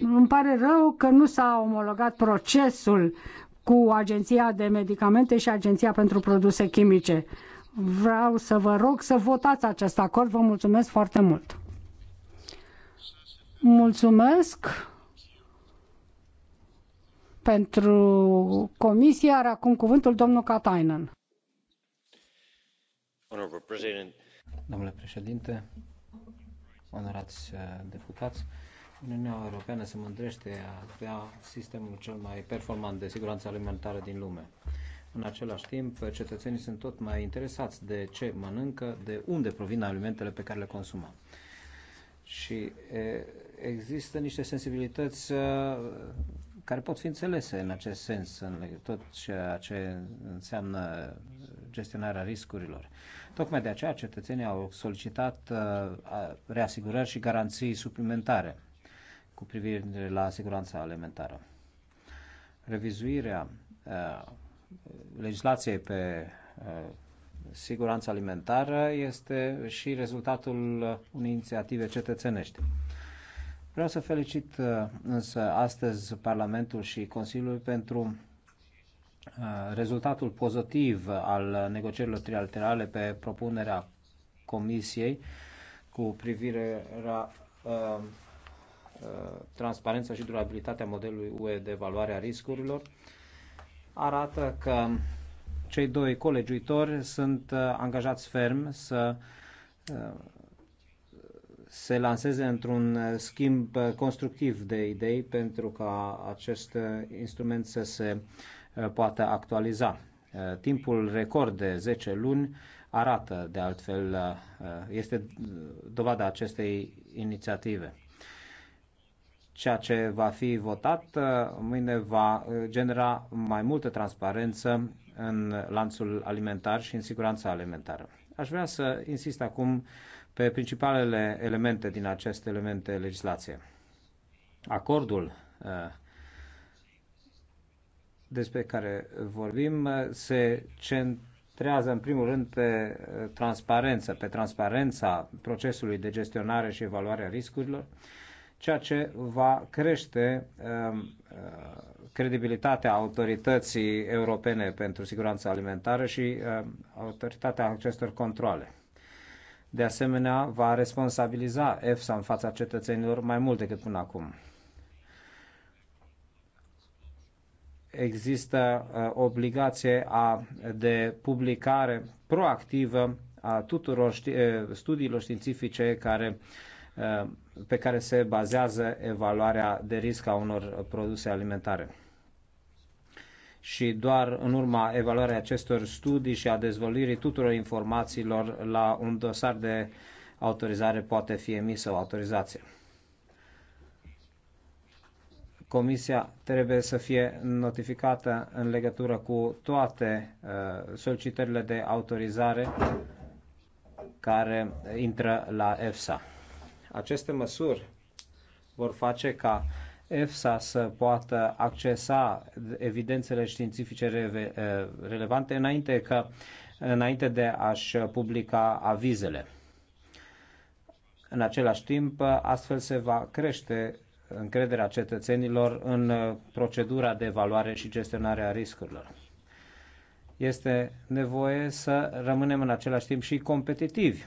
Îmi pare rău că nu s-a omologat procesul cu Agenția de Medicamente și Agenția pentru Produse Chimice. Vreau să vă rog să votați acest acord. Vă mulțumesc foarte mult. Mulțumesc pentru comisie. Are acum cuvântul domnul Katainen. Domnule președinte, onorați eh, deputați, Uniunea Europeană se mândrește a avea sistemul cel mai performant de siguranță alimentară din lume. În același timp, cetățenii sunt tot mai interesați de ce mănâncă, de unde provin alimentele pe care le consumă. Și e, există niște sensibilități care pot fi înțelese în acest sens, în tot ceea ce înseamnă gestionarea riscurilor. Tocmai de aceea cetățenii au solicitat reasigurări și garanții suplimentare cu privire la siguranța alimentară. Revizuirea uh, legislației pe uh, siguranța alimentară este și rezultatul unei inițiative cetățenești. Vreau să felicit uh, însă astăzi Parlamentul și Consiliul pentru uh, rezultatul pozitiv al negocierilor trilaterale pe propunerea Comisiei cu privire la uh, Uh, transparența și durabilitatea modelului UE de evaluare a riscurilor arată că cei doi colegiuitori sunt uh, angajați ferm să uh, se lanseze într-un schimb constructiv de idei pentru ca acest instrument să se poată actualiza. Timpul record de 10 luni arată, de altfel, este dovada acestei inițiative. Ceea ce va fi votat uh, mâine va uh, genera mai multă transparență în lanțul alimentar și în siguranța alimentară. Aș vrea să insist acum pe principalele elemente din aceste elemente legislație. Acordul uh, despre care vorbim se centrează în primul rând pe transparență, pe transparența procesului de gestionare și evaluare a riscurilor, ceea ce va crește um, uh, credibilitatea autorității europene pentru siguranța alimentară și um, autoritatea acestor controle. De asemenea, va responsabiliza EFSA în fața cetățenilor mai mult decât până acum. Există uh, obligație a, de publicare proactivă a tuturor ști, uh, studiilor științifice care uh, Uh, pe care se bazează evaluarea de risc a unor produse alimentare. Și doar în urma evaluării acestor studii și a dezvăluirii tuturor informațiilor la un dosar de autorizare poate fi emisă o autorizație. Comisia trebuie să fie notificată în legătură cu toate uh, solicitările de autorizare care intră la EFSA. Aceste măsuri vor face ca EFSA să poată accesa evidențele științifice eh, relevante înainte, că, înainte de a-și publica avizele. În același timp, astfel se va crește încrederea cetățenilor în procedura de evaluare și gestionare a riscurilor. Este nevoie să rămânem în același timp și competitivi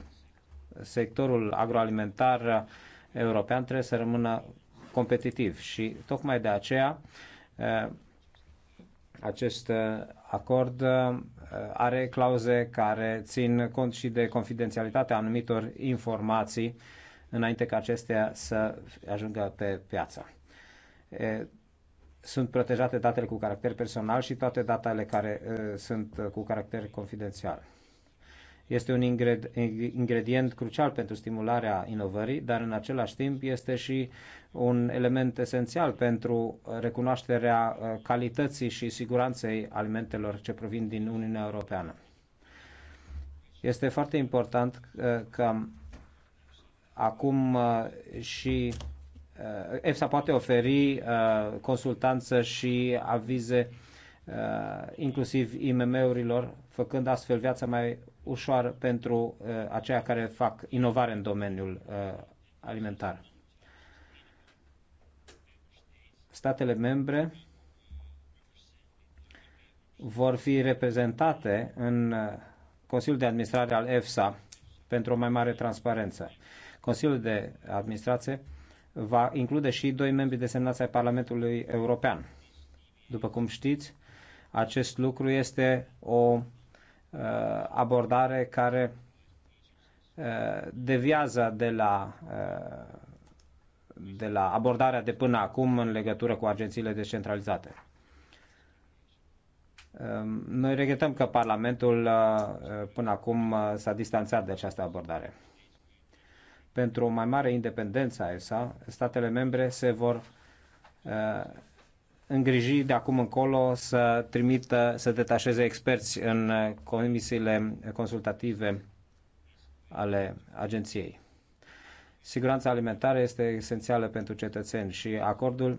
sectorul agroalimentar european trebuie să rămână competitiv și tocmai de aceea acest acord are clauze care țin cont și de confidențialitatea anumitor informații înainte ca acestea să ajungă pe piață. Sunt protejate datele cu caracter personal și toate datele care sunt cu caracter confidențial. Este un ingredient crucial pentru stimularea inovării, dar în același timp este și un element esențial pentru recunoașterea uh, calității și siguranței alimentelor ce provin din Uniunea Europeană. Este foarte important uh, că acum uh, și EFSA poate oferi consultanță și avize inclusiv IMM-urilor făcând astfel viața mai ușoară pentru uh, aceia care fac inovare în domeniul uh, alimentar. Statele membre vor fi reprezentate în eh, Consiliul de Administrare al EFSA pentru o mai mare transparență. Consiliul de Administrație va include și doi membri desemnați ai Parlamentului European. După cum știți, acest lucru este o Uh, abordare care uh, deviază de la, uh, de la abordarea de până acum în legătură cu agențiile descentralizate. Um, noi regretăm că Parlamentul până acum s-a distanțat de această abordare. Pentru o mai mare independență a ESA, statele membre se vor îngriji de acum încolo să trimită, să detașeze experți în comisiile consultative ale agenției. Siguranța alimentară este esențială pentru cetățeni și acordul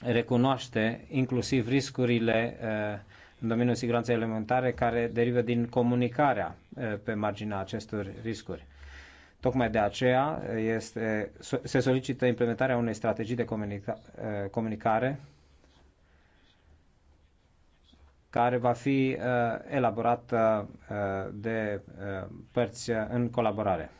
recunoaște inclusiv riscurile uh, în domeniul siguranței alimentare care derivă din comunicarea uh, pe marginea acestor riscuri. Tocmai de aceea este, se solicită implementarea unei strategii de comunica, eh, comunicare care va fi eh, elaborată eh, de părți în colaborare.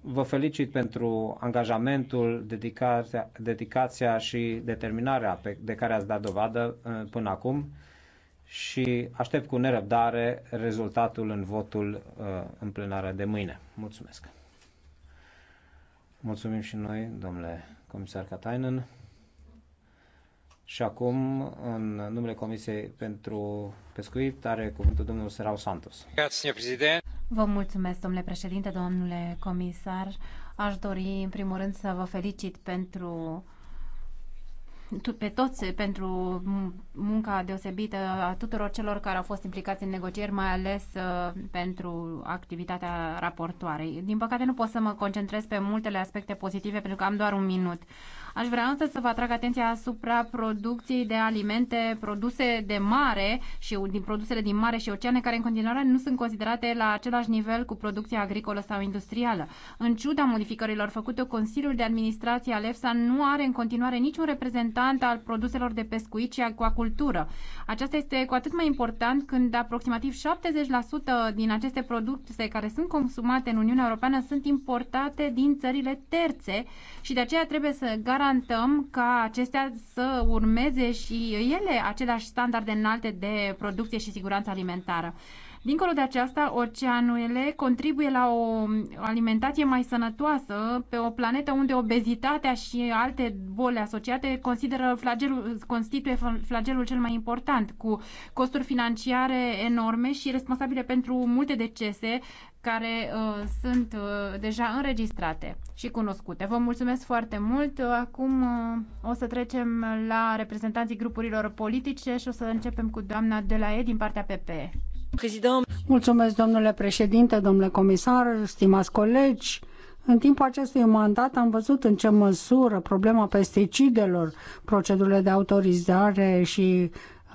Vă felicit pentru angajamentul, dedicația, dedicația și determinarea pe, de care ați dat dovadă până acum și aștept cu nerăbdare rezultatul în votul uh, în plenară de mâine. Mulțumesc! Mulțumim și noi, domnule comisar Katainen. Și acum, în numele Comisiei pentru Pescuit, are cuvântul domnul Serau Santos. Vă mulțumesc, domnule președinte, domnule comisar. Aș dori, în primul rând, să vă felicit pentru pe toți pentru munca deosebită a tuturor celor care au fost implicați în negocieri, mai ales uh, pentru activitatea raportoarei. Din păcate nu pot să mă concentrez pe multele aspecte pozitive pentru că am doar un minut. Aș vrea însă să vă atrag atenția asupra producției de alimente produse de mare și din produsele din mare și oceane care în continuare nu sunt considerate la același nivel cu producția agricolă sau industrială. În ciuda modificărilor făcute, Consiliul de Administrație al EFSA nu are în continuare niciun reprezentant al produselor de pescuit și aquacultură. Aceasta este cu atât mai important când aproximativ 70% din aceste produse care sunt consumate în Uniunea Europeană sunt importate din țările terțe și de aceea trebuie să garantăm garantăm ca acestea să urmeze și ele aceleași standarde înalte de producție și siguranță alimentară. Dincolo de aceasta, oceanurile contribuie la o alimentație mai sănătoasă pe o planetă unde obezitatea și alte boli asociate consideră flagelul, constituie flagelul cel mai important, cu costuri financiare enorme și responsabile pentru multe decese care uh, sunt uh, deja înregistrate și cunoscute. Vă mulțumesc foarte mult. Acum uh, o să trecem la reprezentanții grupurilor politice și o să începem cu doamna E din partea PPE. President. Mulțumesc, domnule președinte, domnule comisar, stimați colegi. În timpul acestui mandat am văzut în ce măsură problema pesticidelor, procedurile de autorizare și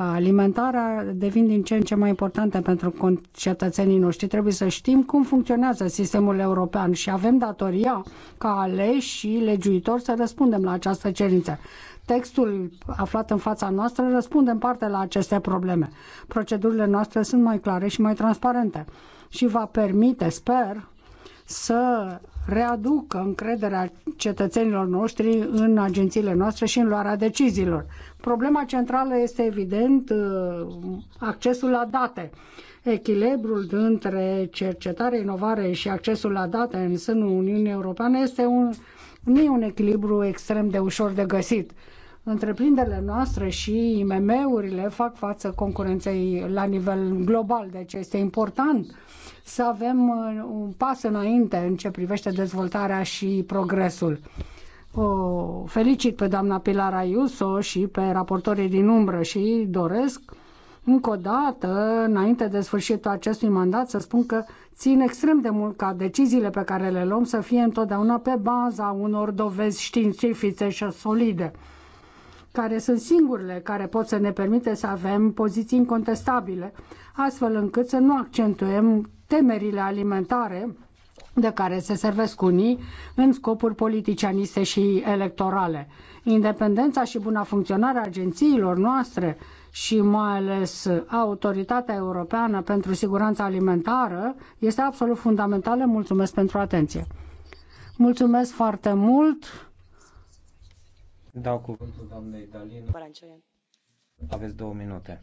alimentarea devin din ce în ce mai importante pentru cetățenii noștri. Trebuie să știm cum funcționează sistemul european și avem datoria ca aleși și legiuitori să răspundem la această cerință. Textul aflat în fața noastră răspunde în parte la aceste probleme. Procedurile noastre sunt mai clare și mai transparente și va permite, sper, să readucă încrederea cetățenilor noștri în agențiile noastre și în luarea deciziilor. Problema centrală este evident uh, accesul la date. Echilibrul dintre cercetare, inovare și accesul la date în sânul Uniunii Europene este un, nu e un echilibru extrem de ușor de găsit. Întreprinderile noastre și IMM-urile fac față concurenței la nivel global, deci este important uh, să avem uh, un pas înainte în ce privește dezvoltarea și progresul. O felicit pe doamna Pilar Ayuso și pe raportorii din umbră și doresc încă o dată, înainte de sfârșitul acestui mandat, să spun că țin extrem de mult ca deciziile pe care le luăm să fie întotdeauna pe baza unor dovezi științifice și solide, care sunt singurele care pot să ne permite să avem poziții incontestabile, astfel încât să nu accentuăm temerile alimentare de care se servesc unii în scopuri politicianiste și electorale. Independența și buna funcționare a agențiilor noastre și mai ales Autoritatea Europeană pentru Siguranța Alimentară este absolut fundamentală. Mulțumesc pentru atenție. Mulțumesc foarte mult. Dau cuvântul doamnei Dalin. Aveți două minute.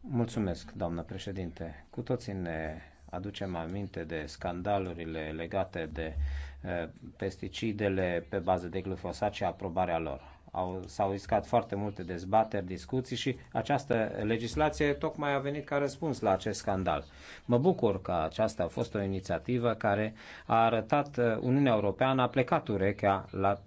Mulțumesc, doamnă președinte. Cu toții ne aducem aminte de scandalurile legate de pesticidele pe bază de glufosat și aprobarea lor. Au, s-au riscat foarte multe dezbateri, discuții și această legislație tocmai a venit ca răspuns la acest scandal. Mă bucur că aceasta a fost o inițiativă care a arătat Uniunea Europeană a plecat urechea la